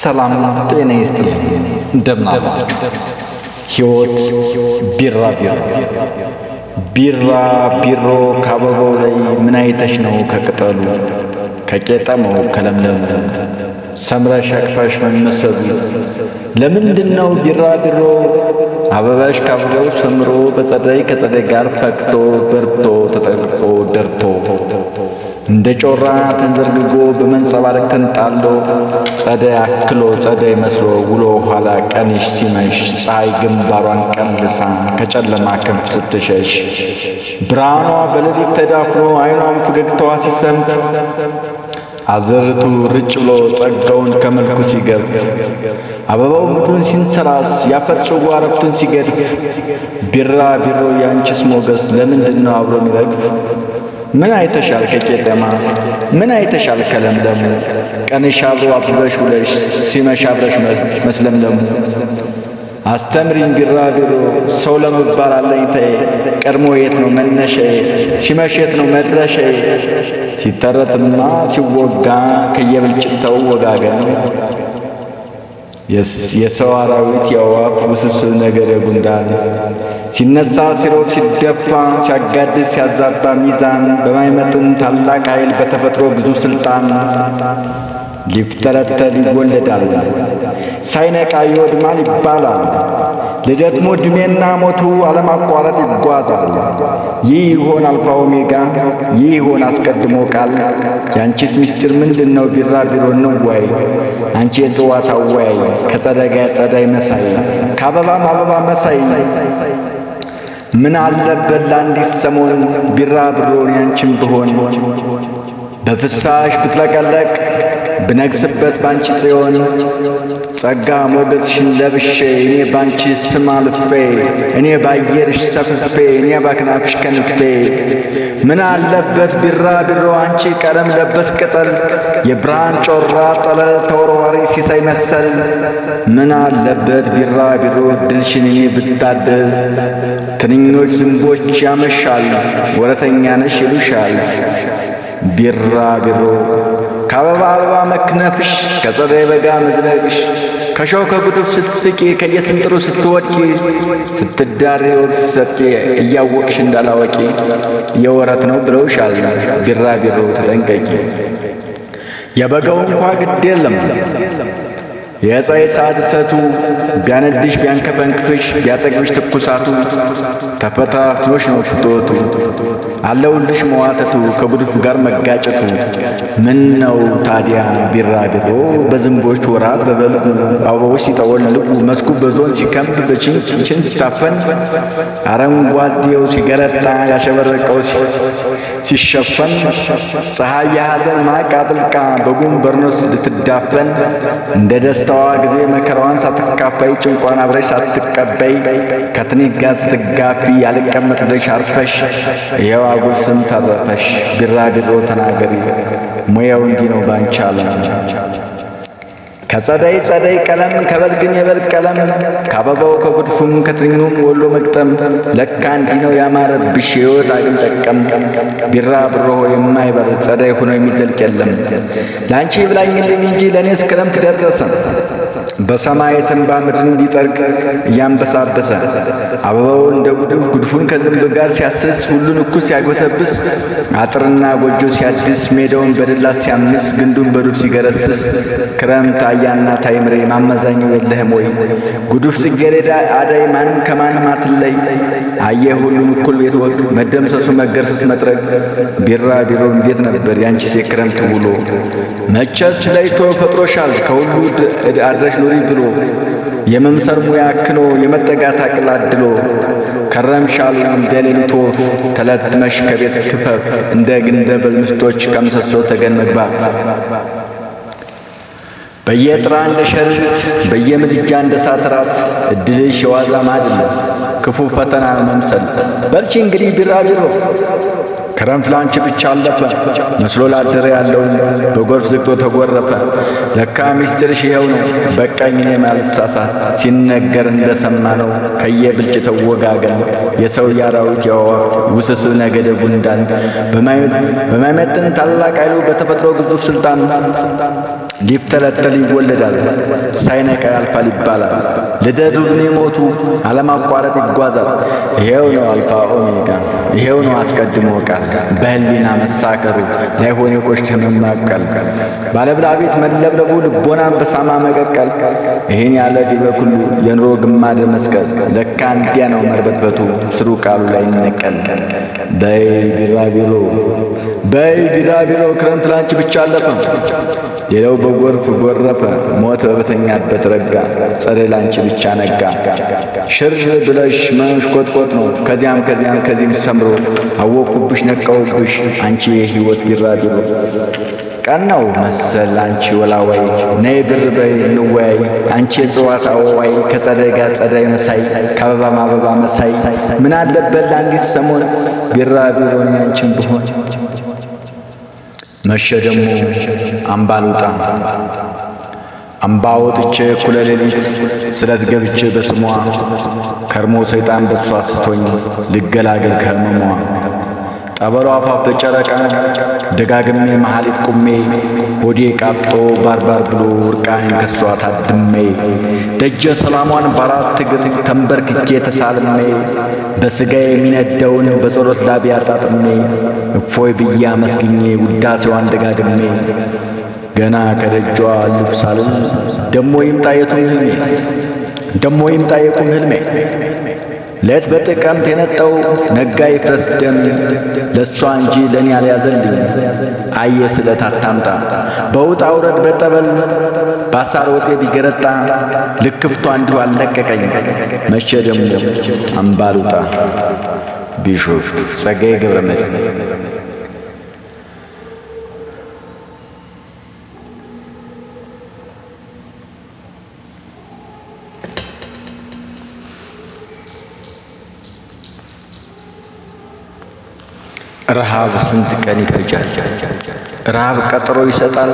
ሰላም ጤና ይስጥልኝ። እንደምናላችሁ ሕይወት ቢራ ቢሮ ቢራ ቢሮ ከአበባው ላይ ምን አይተሽ ነው? ከቅጠሉ ከቄጠመው ከለምለም ሰምረሽ አቅፋሽ መመሰሉ ለምንድን ነው? ቢራ ቢሮ አበባሽ ከአበባው ሰምሮ በጸደይ ከጸደይ ጋር ፈክቶ በርቶ ተጠቅቆ ደርቶ እንደ ጮራ ተንዘርግጎ በመንጸባረቅ ተንጣሎ ጸደይ አክሎ ጸደይ መስሎ ውሎ ኋላ ቀንሽ ሲመሽ ፀሐይ ግንባሯን ቀልሳ ከጨለማ ክንፍ ስትሸሽ ብርሃኗ በሌሊት ተዳፍኖ ዓይኗም ፈገግታዋ ሲሰምት አዘርቱ ርጭ ብሎ ጸጋውን ከመልኩ ሲገፍ አበባው ምድሩን ሲንተራስ ያፈጽጉ አረፍቱን ሲገድፍ ቢራ ቢሮ ያንቺስ ሞገስ ለምንድነው አብሮ የሚረግፍ? ምን አይተሻል ከቄጠማ ምን አይተሻል ከለምለሙ ቀንሽ አብሮ አብበሽ ውለሽ ሲመሽ አብረሽ መስለምለሙ አስተምሪኝ ቢሮ ሰው ለመባል አለኝታዬ ቀድሞ የት ነው መነሻዬ ሲመሽ የት ነው መድረሻዬ ሲተረትማ ሲወጋ ከየብልጭታው ወጋገን የሰው አራዊት የአዋፍ ውስብስብ ነገር የጉንዳን ሲነሳ፣ ሲሮጥ፣ ሲደፋ፣ ሲያጋድስ፣ ሲያዛባ ሚዛን በማይመጥን ታላቅ ኃይል በተፈጥሮ ብዙ ሥልጣን ሊፍተረተል ይወለዳል፣ ሳይነቃ ይወድማል ይባላል። ልደትሞ ዕድሜና ሞቱ አለማቋረጥ ይጓዛል። ይህ ይሆን አልፋ ኦሜጋ፣ ይህ ይሆን አስቀድሞ ቃል። የአንቺስ ምስጢር ምንድን ነው? ቢራቢሮ ንዋይ አንቺ የጽዋት አወያይ፣ ከጸደጋ ጸዳይ መሳይ፣ ከአበባም አበባ መሳይ ምን አለበት ለአንዲት ሰሞን ቢራ ብሮን ብሆን በፍሳሽ ብትለቀለቅ ብነግስበት ባንቺ ጽዮን ጸጋ ሞገስሽን ለብሼ እኔ ባንቺ ስም አልፌ እኔ ባየርሽ ሰፍፌ እኔ ባክናፍሽ ከንፌ ምን አለበት ቢራ ቢሮ አንቺ ቀለም ለበስ ቅጠል የብርሃን ጮራ ጠለል ተወርዋሪ ሲሳይ መሰል ምን አለበት ቢራ ቢሮ ድልሽን እኔ ብታደል ትንኞች፣ ዝንቦች ያመሻል፣ ወረተኛ ነሽ ይሉሻል። ቢራ ቢሮ ከአበባ አበባ መክነፍሽ፣ ከጸደይ በጋ መዝለቅሽ፣ ከሾው ከጉድፍ ስትስቂ፣ ከየስንጥሩ ስትወድቂ፣ ስትዳሪ ወቅት ስትሰጥ እያወቅሽ እንዳላወቂ የወረት ነው ብለውሻል። ቢራ ቢሮ ተጠንቀቂ፣ የበጋው እንኳ ግድ የለም የፀሐይ ሰዓት እሰቱ ቢያነድሽ ቢያንከፈንክፍሽ ቢያጠግብሽ ትኩሳቱ ተፈታትኖሽ ነው ፍጦቱ አለውልሽ መዋተቱ ከጉድፍ ጋር መጋጨቱ ምን ነው ታዲያ ቢራቢሮ በዝንቦች ወራት በበልጉ አበቦች ሲጠወልቁ መስኩ በዞን ሲከምብ በችንችን ሲታፈን አረንጓዴው ሲገረጣ ያሸበረቀው ሲሸፈን ፀሐይ የሐዘን ማቅ አጥልቃ በጉም በርኖስ ልትዳፈን እንደ ደስታ በደስታዋ ጊዜ መከራዋን ሳትካፈይ ጭንቋን አብረሽ ሳትቀበይ ከትንሽ ጋር ስትጋፊ ያልቀመጥ ብለሽ አርፈሽ ይኸው አጉል ስም ተረፈሽ። ቢራቢሮ ተናገሪ ሙያው እንዲህ ነው ባንቻለ ከጸደይ ጸደይ ቀለም ከበልግም የበልግ ቀለም ከአበባው ከጉድፉም ከትኙም ወሎ መቅጠም ለካ እንዲህ ነው ያማረ ብሽ ሕይወት አግም ጠቀም ቢራ ብሮሆ የማይበር ጸደይ ሆኖ የሚዘልቅ የለም ለአንቺ ብላኝልኝ እንጂ ለእኔስ ክረምት ደረሰ በሰማይ ባምድር እንዲጠርቅ እያንበሳበሰ አበባው እንደ ጉድፍ ጉድፉን ከዝንብ ጋር ሲያስስ ሁሉን እኩስ ሲያጎሰብስ አጥርና ጎጆ ሲያድስ ሜዳውን በድላት ሲያምስ ግንዱን በዱብ ሲገረስስ ክረምት አህያና ታይምሬ ማመዛኛው የለህም ወይ? ጉዱፍ ጽጌረዳ አዳይ ማን ከማን አትለይ። አየ ሁሉም እኩል ቤት ወግ መደምሰሱ መገርሰስ መጥረግ ቢራ ቢሮ እንዴት ነበር ያንቺስ የክረምት ውሎ? መቸስ ለይቶ ፈጥሮሻል ከሁሉ አድረሽ ኑሪ ብሎ የመምሰር ሙያ ክኖ የመጠጋት አቅል አድሎ ከረምሻል እንደ ሌሊት ወፍ ተለትመሽ ከቤት ክፈፍ እንደ ግንደበል ምስቶች ከምሰሶ ተገን መግባት በየጥራ እንደ ሸርሪት በየምድጃ እንደ ሳትራት እድልሽ የዋዛ ማድን ክፉ ፈተና መምሰል በርቺ እንግዲህ ቢራቢሮ ክረምት ላንቺ ብቻ አለፈ መስሎ ላደረ ያለውን በጎርፍ ዝግቶ ተጎረፈ። ለካ ሚስጥርሽ ይኸው ነው በቃኝ እኔም ማልሳሳት ሲነገር ሰማ ነው ከየብልጭተው ተወጋገን የሰው ያራዊት የዋዋፍ ውስብስብ ነገደ ጉንዳን በማይመጥን ታላቅ አይሉ በተፈጥሮ ግዙፍ ስልጣን ሊብተለተል ይወለዳል፣ ሳይነቃ ያልፋል ይባላል። ልደቱ ግን ሞቱ አለማቋረጥ ይጓዛል። ይሄው ነው አልፋ ኦሜጋ፣ ይሄው ነው አስቀድሞ ቃል በህሊና መሳከሩ ላይሆን የቆሽተ መማቀል ባለብላ ቤት መለብለቡ ልቦናን በሳማ መቀቀል ይህን ያለ ዲበ ሁሉ የኑሮ ግማደ መስቀል ለካ እንዲያ ነው መርበትበቱ ስሩ ቃሉ ላይ ይነቀል በይ ቢራቢሮ በይ ቢራቢሮ ክረምት ላንቺ ብቻ አለፈ ሌላው በጎርፍ ጎረፈ፣ ሞት በበተኛበት ረጋ፣ ፀደይ ላንቺ ብቻ ነጋ። ሽር ብለሽ መንሽቆጥቆጥ ነው ከዚያም ከዚያም ከዚህም ሰምሮ፣ አወቅኩብሽ ነቃውብሽ አንቺ የሕይወት ቢራቢሮ። ቀናው መሰል አንቺ ወላዋይ፣ ነይ ብር በይ እንወያይ፣ አንቺ የጽዋት አዋዋይ፣ ከፀደይ ጋር ፀደይ መሳይ፣ ከአበባ ማበባ መሳይ፣ ምን አለበት ለአንዲት ሰሞን ቢራቢሮን ያንቺን ብሆን መሸ ደግሞ አምባልውጣ አምባ ወጥቼ እኩለ ሌሊት ስለት ገብቼ በስሟ ከርሞ ሰይጣን በሷ ስቶኝ ልገላገል ከህመሟ ጠበሮ አፋ በጨረቃ ደጋግሜ መሐሊት ቁሜ ሆዴ ቃጦ ባርባር ብሎ እርቃኔን ከሷ ታድሜ ደጀ ሰላሟን በአራት እግር ተንበርክኬ ተሳልሜ በሥጋ የሚነደውን በጸሎት ላቤ አጣጥሜ እፎይ ብዬ አመስግኜ ውዳሴዋን ደጋግሜ ገና ከደጇ ልብሳልን ደሞ ይምጣ የቱም ህልሜ ደሞ ይምጣ የቁም ህልሜ ሌት በጥቀምት የነጠው ነጋ ይፍረስ ደም ለእሷ እንጂ ለእኔ አልያዘልኝ። አየ ስለት አታምጣ በውጣ ውረድ በጠበል ባሳር ወጤ ቢገረጣ ልክፍቷ እንዲሁ አልለቀቀኝ። መቼ ደግሞ አምባሉጣ ቢሾፍቱ ጸጋዬ ገብረመድህን ረሃብ ስንት ቀን ይፈጃል? ረሃብ ቀጠሮ ይሰጣል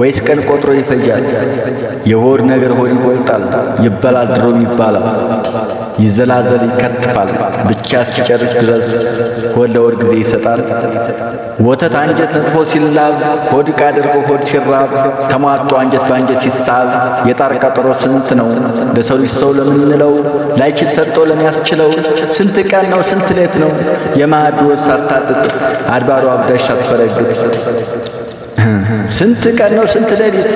ወይስ ቀን ቆጥሮ ይፈጃል? የሆድ ነገር ሆድ ይቆልጣል፣ ይበላል ድሮም ይባላል፣ ይዘላዘል ይከትፋል፣ ብቻ እስኪጨርስ ድረስ ሆድ ለሆድ ጊዜ ይሰጣል። ወተት አንጀት ነጥፎ ሲላብ፣ ሆድ ዕቃ ደርቆ ሆድ ሲራብ፣ ተሟጦ አንጀት በአንጀት ሲሳብ፣ የጣር ቀጠሮ ስንት ነው ለሰው ልጅ ሰው ለምንለው ላይችል ሰጥቶ ለሚያስችለው ስንት ቀን ነው ስንት ሌት ነው የማዕድ ወስ ሳታጥጥ አድባሩ አብደ ጋሻ ትፈረግጥ። ስንት ቀን ነው ስንት ሌሊት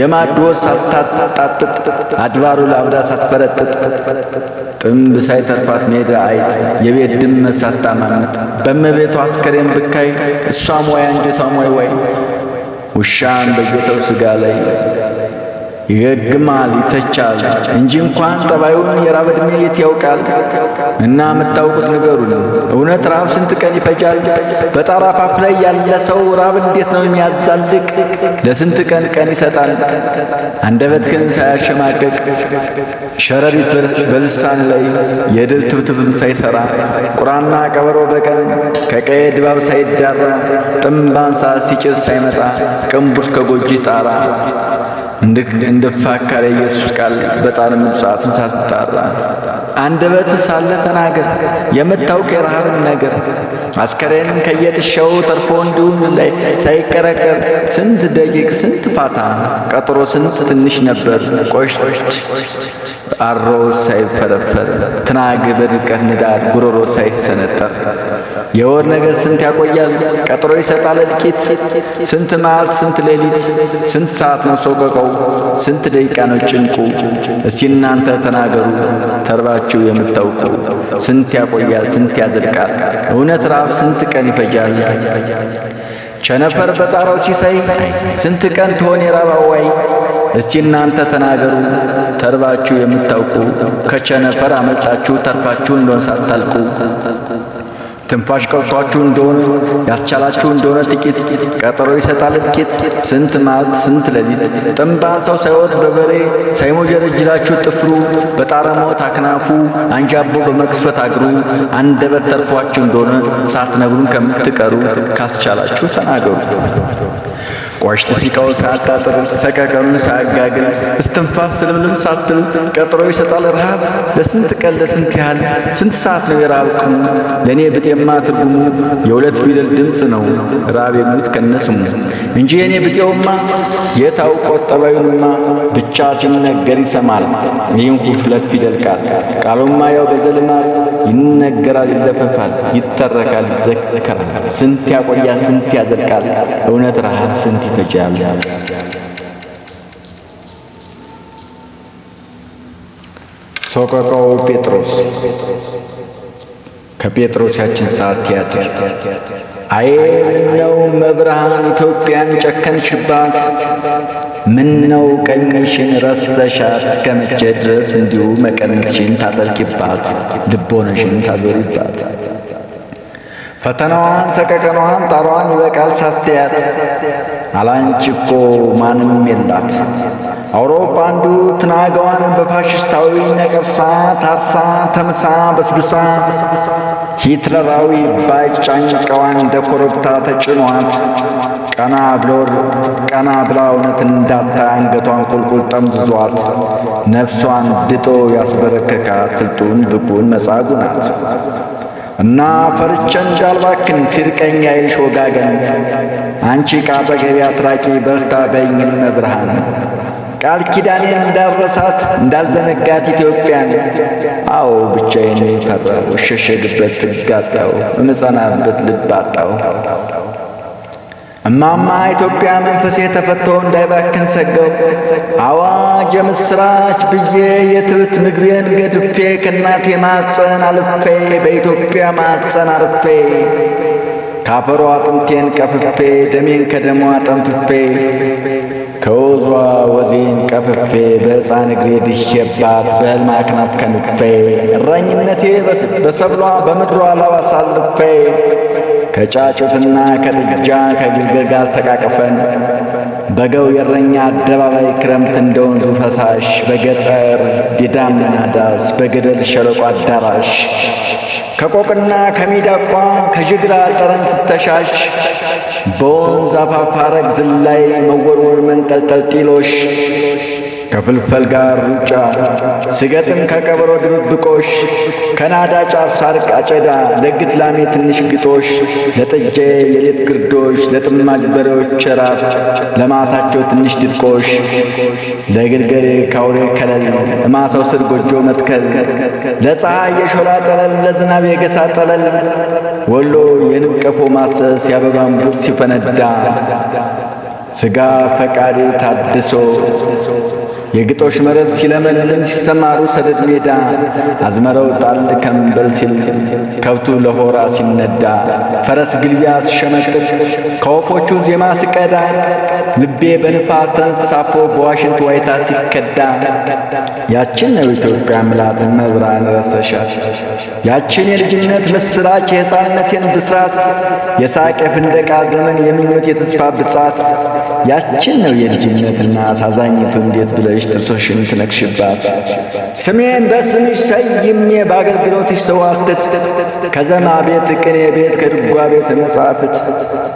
የማዶ ሳታጣጥጥ አድባሩ ለአብዳ ሳትፈረጥጥ ጥንብ ሳይተርፋት ሜዳ አይጥ የቤት ድመት ሳታማምጥ በመቤቱ አስከሬን ብካይ እሷ ሞያ እንጀቷ ሞይ ወይ ውሻን በጌታው ስጋ ላይ ይገግማል፣ ይተቻል እንጂ እንኳን ጠባዩን የራብ ዕድሜ የት ያውቃል። እና የምታውቁት ነገሩ እውነት ራብ ስንት ቀን ይፈጃል? በጣራ አፋፍ ላይ ያለ ሰው ራብ እንዴት ነው የሚያዛልቅ? ለስንት ቀን ቀን ይሰጣል? አንደበት አንደበትህን ሳያሸማቀቅ ሸረሪት በልሳን ላይ የድል ትብትብም ሳይሰራ ቁራና ቀበሮ በቀን ከቀየ ድባብ ሳይዳራ ጥምባንሳ አንሳ ሲጭስ ሳይመጣ ቅንቡስ ከጎጂ ጣራ እንደ ፋካሪ ኢየሱስ ቃል በጣም ምጽዋትን ሳትጣራ አንደበት ሳለ ተናገር የምታውቅ የረሃብን ነገር አስከሬን ከየጥሻው ተርፎ እንዲሁም ላይ ሳይቀረቀር ስንት ደቂቅ ስንት ፋታ ቀጥሮ ስንት ትንሽ ነበር ቆሽት አሮ ሳይፈረፈር ትናግ በድርቀት ጉሮሮ ሳይሰነጠር የወር ነገር ስንት ያቆያል ቀጥሮ ይሰጣል እልቂት ስንት መዓልት ስንት ሌሊት ስንት ሰዓት ነው ሶቀቀው ስንት ደቂቃ ነው ጭንቁ እስቲ እናንተ ተናገሩ ተርባችሁ የምታውቁ ስንት ያቆያል ስንት ያዘልቃል እውነት ራ ዝናብ ስንት ቀን ይፈጃል? ቸነፈር በጣራው ሲሳይ ስንት ቀን ትሆን ዋይ እስቲ እናንተ ተናገሩ ተርባችሁ የምታውቁ ከቸነፈር አመልጣችሁ ተርፋችሁ እንደሆን ሳታልቁ ትንፋሽ ቀልቷችሁ እንደሆነ ያስቻላችሁ እንደሆነ ጥቂት ቀጠሮ ይሰጣል ጥቂት ስንት ማት ስንት ለሊት ጥንባ ሰው ሳይወድ በበሬ ሳይሞጀረጅላችሁ ጥፍሩ በጣረሞት አክናፉ አንዣቦ በመክፈት አግሩ አንደበት ተርፏችሁ እንደሆነ ሳትነግሩን ከምትቀሩ ካስቻላችሁ ተናገሩ። ቆሽት ሲቃው ሳያጣጥርም ሰቀቀኑን ሳያጋግል እስትንፋስ ስልምልም ሳትልም ቀጥሮ ይሰጣል ረሃብ ለስንት ቀን ለስንት ያህል ስንት ሰዓት ነው የረሃብ ለእኔ ብጤማ ትርጉሙ የሁለት ፊደል ድምፅ ነው ራብ የሚሉት ከነስሙ እንጂ የእኔ ብጤውማ የታው ቆጠባዩንማ ብቻ ሲነገር ይሰማል። ይህን ሁለት ፊደል ቃል ቃሉማ ያው በዘልማር ይነገራል፣ ይለፈፋል፣ ይተረካል፣ ይዘከራል። ስንት ያቆያል፣ ስንት ያዘልቃል እውነት ረሃብ ስንት ትፈጃለሽ። ሰቆቃው ጴጥሮስ ከጴጥሮስ ያችን ሰዓት ትያትር አይ ነው መብርሃን ኢትዮጵያን ጨከንሽባት። ምን ነው ቀኝሽን ረሰሻት? እስከ መቼ ድረስ እንዲሁ መቀነትሽን ታጠልቂባት፣ ልቦነሽን ታዞሪባት። ፈተናዋን፣ ሰቀቀኗን፣ ጣሯን ይበቃል ሳትያት አላንቺ እኮ ማንም የላት። አውሮፓ አንዱ ትናጋዋን በፋሽስታዊ ነቀርሳ ታርሳ ተምሳ በስብሳ ሂትለራዊ ባይጫንቀዋን እንደ ኮረብታ ተጭኗት ቀና ብሎር ቀና ብላ እውነት እንዳታ አንገቷን ቁልቁል ጠምዝዟት ነፍሷን ድጦ ያስበረከካት ስልጡን ብቁን መጻጉ ናት። እና ፈርቼ እንዳልባክን ሲርቀኝ አይልሽ ወጋገን አንቺ ዕቃ በገበያ አትራቂ በርታ በይኝ መብርሃን ብርሃን ቃል ኪዳኔን እንዳረሳት እንዳዘነጋት ኢትዮጵያን አዎ ብቻዬን ፈራው እሸሸግበት ትጋጣው እመጸናበት ልባጣው እማማ ኢትዮጵያ መንፈሴ ተፈቶ እንዳይባክን ሰገው አዋጅ የምሥራች ብዬ የትብት ምግቤን ገድፌ ከእናቴ ማፀን አልፌ በኢትዮጵያ ማጸን አርፌ ካፈሮ አጥንቴን ቀፍፌ ደሜን ከደሟ ጠንፍፌ ከወዟ ወዜን ቀፍፌ በሕፃን እግሬ ድሼባት በሕልም አክናፍ ከንፌ እረኝነቴ በሰብሏ በምድሯ ላው አሳልፌ ከጫጩትና ከጥጃ ከግልግል ጋር ተቃቅፈን በገው የረኛ አደባባይ ክረምት እንደ ወንዙ ፈሳሽ በገጠር ዲዳም ዳስ በገደል ሸለቆ አዳራሽ ከቆቅና ከሚዳቋ ከጅግራ ጠረን ስተሻሽ በወንዝ አፋፋረግ ዝላይ መወርወር መንጠልጠል ጢሎሽ ከፍልፈል ጋር ሩጫ ስገጥም ከቀበሮ ድብብቆሽ ከናዳ ጫፍ ሳር አጨዳ ለግት ላሜ ትንሽ ግጦሽ ለጠጄ የሌት ግርዶሽ ለጥማጅ በሬዎች ቸራፍ ለማታቸው ትንሽ ድርቆሽ ለግልገሌ ካውሬ ከለል ለማሳው ስር ጎጆ መትከል ለፀሐይ የሾላ ጠለል ለዝናብ የገሳ ጠለል ወሎ የንብ ቀፎ ማሰስ የአበባ እምቡጥ ሲፈነዳ ስጋ ፈቃዴ ታድሶ የግጦሽ መሬት ሲለመልም ሲሰማሩ ሰደድ ሜዳ አዝመራው ጣል ከምበል ሲል ከብቱ ለሆራ ሲነዳ ፈረስ ግልቢያ ሲሸመጥጥ ከወፎቹ ዜማ ሲቀዳ ልቤ በንፋ ተንሳፎ በዋሽንት ዋይታ ሲከዳ ያችን ነው ኢትዮጵያ ምላት መብራን ረሰሻል ያችን የልጅነት ምስራች የሕፃንነቴን ብስራት የሳቅ የፍንደቃ ዘመን የምኞት የተስፋ ብጻት ያችን ነው የልጅነትና ታዛኝቱ እንዴት ብለሽ ብለሽ ጥርሶሽን ትነክሽባት። ስሜን በስምሽ ሰይሜ በአገልግሎትሽ ሰዋፍት ከዘማ ቤት ቅኔ ቤት ከድጓ ቤት መጻሕፍት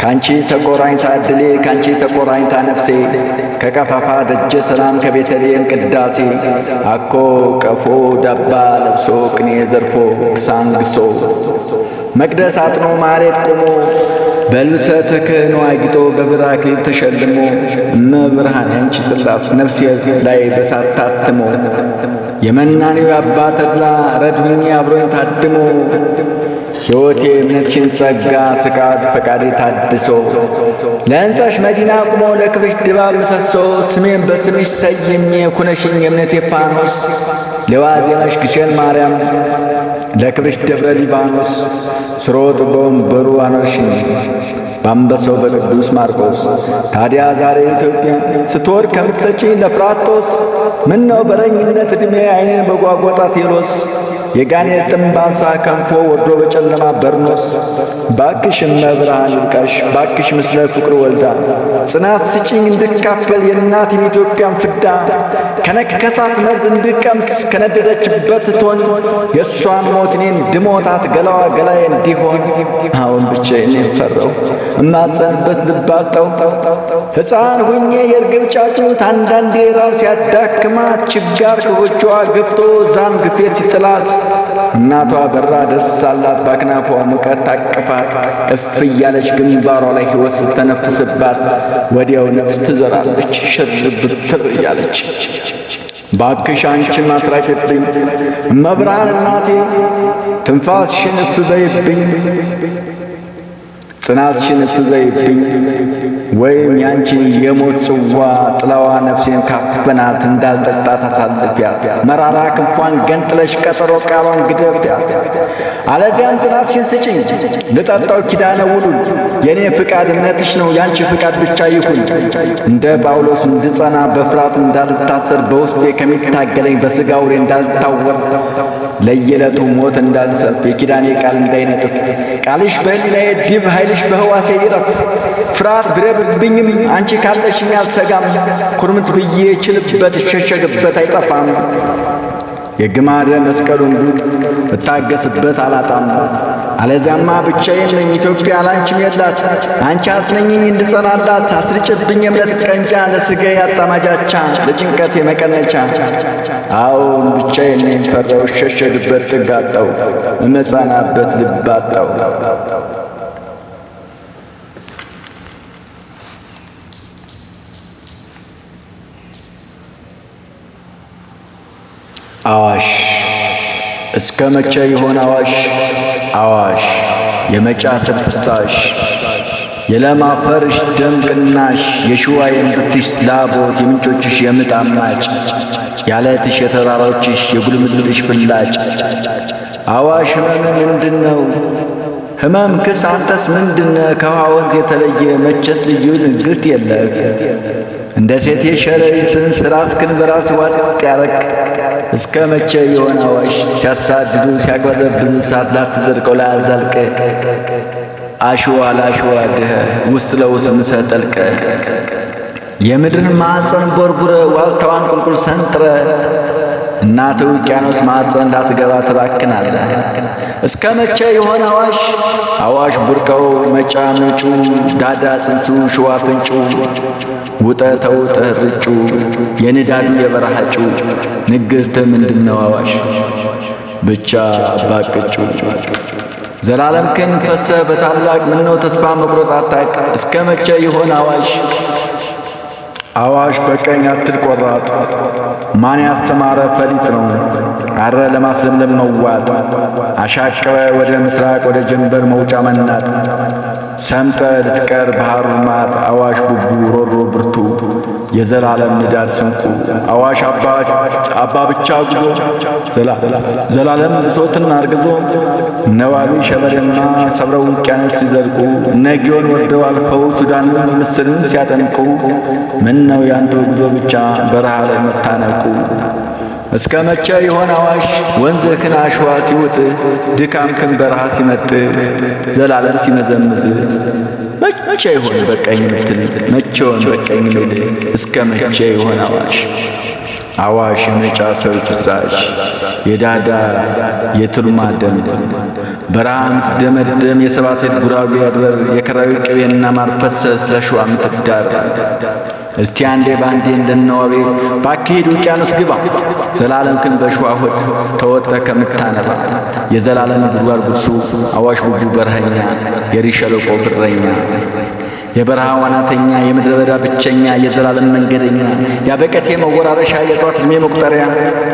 ካንቺ ተቆራኝታ ዕድሌ ካንቺ ተቆራኝታ ነፍሴ ከቀፋፋ ደጀ ሰላም ከቤተልሔም ቅዳሴ አኮ ቀፎ ዳባ ለብሶ ቅኔ ዘርፎ ግሶ መቅደስ አጥኖ ማሬት ቆሞ በልብሰ ተክህኖ አጊጦ በብር አክሊል ተሸልሞ እመብርሃን ያንቺ ጽላት ነፍሴ ላይ በሳት ታትሞ የመናኔው አባ ተድላ ረድብኝ አብሮኝ ታድሞ ሕይወቴ የእምነትሽን ጸጋ ስቃድ ፈቃዴ ታድሶ ለሕንጻሽ መዲና ቁሞ ለክብርሽ ድባብ ምሰሶ ስሜን በስምሽ ሰይሜ ኩነሽኝ የእምነቴ ፋኖስ ለዋዜመሽ ግሸን ማርያም ለክብርሽ ደብረ ሊባኖስ ስሮጥ በወንበሩ አኖርሽኝ በአንበሳው በቅዱስ ማርቆስ። ታዲያ ዛሬ ኢትዮጵያ ስትወድ ከምትሰጪ ለፍራቶስ ምን ነው በረኝነት ዕድሜ ዐይኔን በጓጓጣት ቴሎስ የጋኔል ጥንባንሳ ከንፎ ወርዶ በጨለማ በርኖስ ባክሽ እመብርሃን ልቃሽ ባክሽ ምስለ ፍቅር ወልዳ ጽናት ስጪኝ እንድካፈል የእናትን ኢትዮጵያን ፍዳ ከነከሳት መርዝ እንድቀምስ ከነደደችበት ቶን የእሷን ሞት እኔን ድሞታት ገላዋ ገላዬ እንዲሆን አሁን ብቻ እኔን ፈረው እማጸንበት ልባጠው ሕፃን ሁኜ የርግብ ጫጩት አንዳንዴ ራስ ሲያዳክማት ችጋር ከጎጆዋ ገብቶ ዛን ግፌት ሲጥላት እናቷ በራ ደስ ደርሳላት በአክናፏ ሙቀት ታቅፋት እፍ እያለች ግንባሯ ላይ ሕይወት ስተነፍስባት ወዲያው ነፍስ ትዘራለች ሽር ብትር እያለች ባክሽ አንቺም አትራቂብኝ እመብርሃን እናቴ ትንፋስሽን እፍ በይብኝ ጽናትሽን ትዘይብኝ ወይም ያንቺን የሞት ጽዋ ጥላዋ ነፍሴን ካፈናት እንዳልጠጣት አሳልፊያት። መራራ ክንፏን ገንጥለሽ ቀጠሮ ቃሏን ግደፊያት። አለዚያም ጽናትሽን ስጭኝ ልጠጣው ኪዳነ ውሉን። የእኔ ፍቃድ እምነትሽ ነው ያንቺ ፍቃድ ብቻ ይሁን። እንደ ጳውሎስ እንድጸና በፍርሃት እንዳልታሰር በውስጤ ከሚታገለኝ በሥጋ ውሬ እንዳልታወር ለየለቱ ሞት እንዳልሰብ የኪዳኔ ቃል እንዳይነጥፍ ቃልሽ በህሊናዬ ድብ ኃይልሽ በህዋሴ ይረፍ። ፍርሃት ቢረብብኝም አንቺ ካለሽኝ አልሰጋም። ኩርምት ብዬ ችልበት እሸሸግበት አይጠፋም። የግማደ መስቀሉን ጉድ አላጣም። አለዚያማ ብቻዬን ነኝ። ኢትዮጵያ ላንቺም የላት አንቺ አጽነኝኝ እንድጸናላት አስርጭብኝ እምነት ቀንጫ ለሥጋ ያጣማጃቻ ለጭንቀት የመቀነቻ አሁን ብቻዬን ነኝ ፈራው ሸሸግበት ጥጋጠው እመጻናበት ልባጠው አዋሽ እስከ መቼ ይሆን አዋሽ አዋሽ የመጫ ስር ፍሳሽ የለም አፈርሽ ደም ቅናሽ የሽዋ የምድርሽ ላቦት የምንጮችሽ የምጣማጭ የአለትሽ ያለትሽ የተራሮችሽ የጉልምልትሽ ፍላጭ አዋሽ ምንድን ምንድነው ህመም ክስ አንተስ ምንድነ ከውሃ ወንዝ የተለየ መቸስ ልዩ ንግሥት የለህ እንደ ሴት የሸረሪትን ስራስ ክንበራስ ዋጥ ያረቅ እስከ መቼ የሆነ አዋሽ ሲያሳድዱ ሲያጓዘብን ሰዓት ላትዘርቀው ላይ አሽዋ ላሽዋ ድኸ ውስጥ ለውስጥ ምሰ ጠልቀ የምድርን ማዕፀን ቦርቡረ ዋልታዋን ቁልቁል ሰንጥረ እናት ውቅያኖስ ማኅፀን እንዳትገባ ትባክናለ። እስከ መቼ የሆነ አዋሽ አዋሽ ቡርቀው መጫ ምንጩ ዳዳ ጽንሱ ሽዋ ፍንጩ ውጠተው ጠርጩ የንዳዱ የበረሃጩ ንግርት ምንድነው አዋሽ ብቻ ባቅጩ ዘላለም ክን ፈሰ በታላቅ ምነው ተስፋ መቁረጥ አታቅ እስከ መቼ የሆነ አዋሽ አዋሽ በቀኝ አትልቆራጥ ማን ያስተማረ ፈሊጥ ነው። አረ ለማስለምለም መዋጥ አሻቀበ ወደ ምስራቅ ወደ ጀንበር መውጫ መናጥ ሰምጠ ልትቀር ባህሩ ማጥ አዋሽ ቡቡ ሮሮ ብርቱ የዘላለም ንዳድ ስንቁ አዋሽ አባ ብቻ ጉዞ ዘላለም ብሶትና አርግዞ ነዋሪ ሸበሬና ሰብረው ውቅያኖስ ሲዘልቁ እነ ጊዮን ወርደው አልፈው ሱዳንን ምስርን ሲያጠንቁ! ምን ነው ያንተ ጉዞ ብቻ በረሃ ላይ መታነቁ? እስከ መቼ ይሆን አዋሽ ወንዝህን አሸዋ ሲውጥ ክን በረሃ ሲመጥ ዘላለም ሲመዘምዝ መቼ ይሆን በቀኝ ምትል መቼውን በቀኝ ምድል እስከ መቼ ይሆን አዋሽ አዋሽ የመጫ ሰው ፍሳሽ የዳዳ የትርማ ደምደም በረሃ ምትደመደም የሰባሴት ጉራጌ አድበር የከራዊ ቅቤና ማር ፈሰስ ለሸዋ ምትዳር እስቲ አንዴ ባንዴ እንደነዋቤ ባካሄድ ውቅያኖስ ግባ ዘላለምክን በሸዋ ሆድ ተወጠ ከምታነባ የዘላለም ጉድጓድ ጉሱ አዋሽ ጉጉ በረሃኛ የሪሸለቆ ብረኛ የበረሃ ዋናተኛ የምድረ በዳ ብቸኛ የዘላለም መንገደኛ ያበቀት የመወራረሻ የእጽዋት ዕድሜ መቁጠሪያ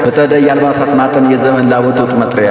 በጸደይ የአልባሳት ማጠን የዘመን ላቦት ወጥ መጥሪያ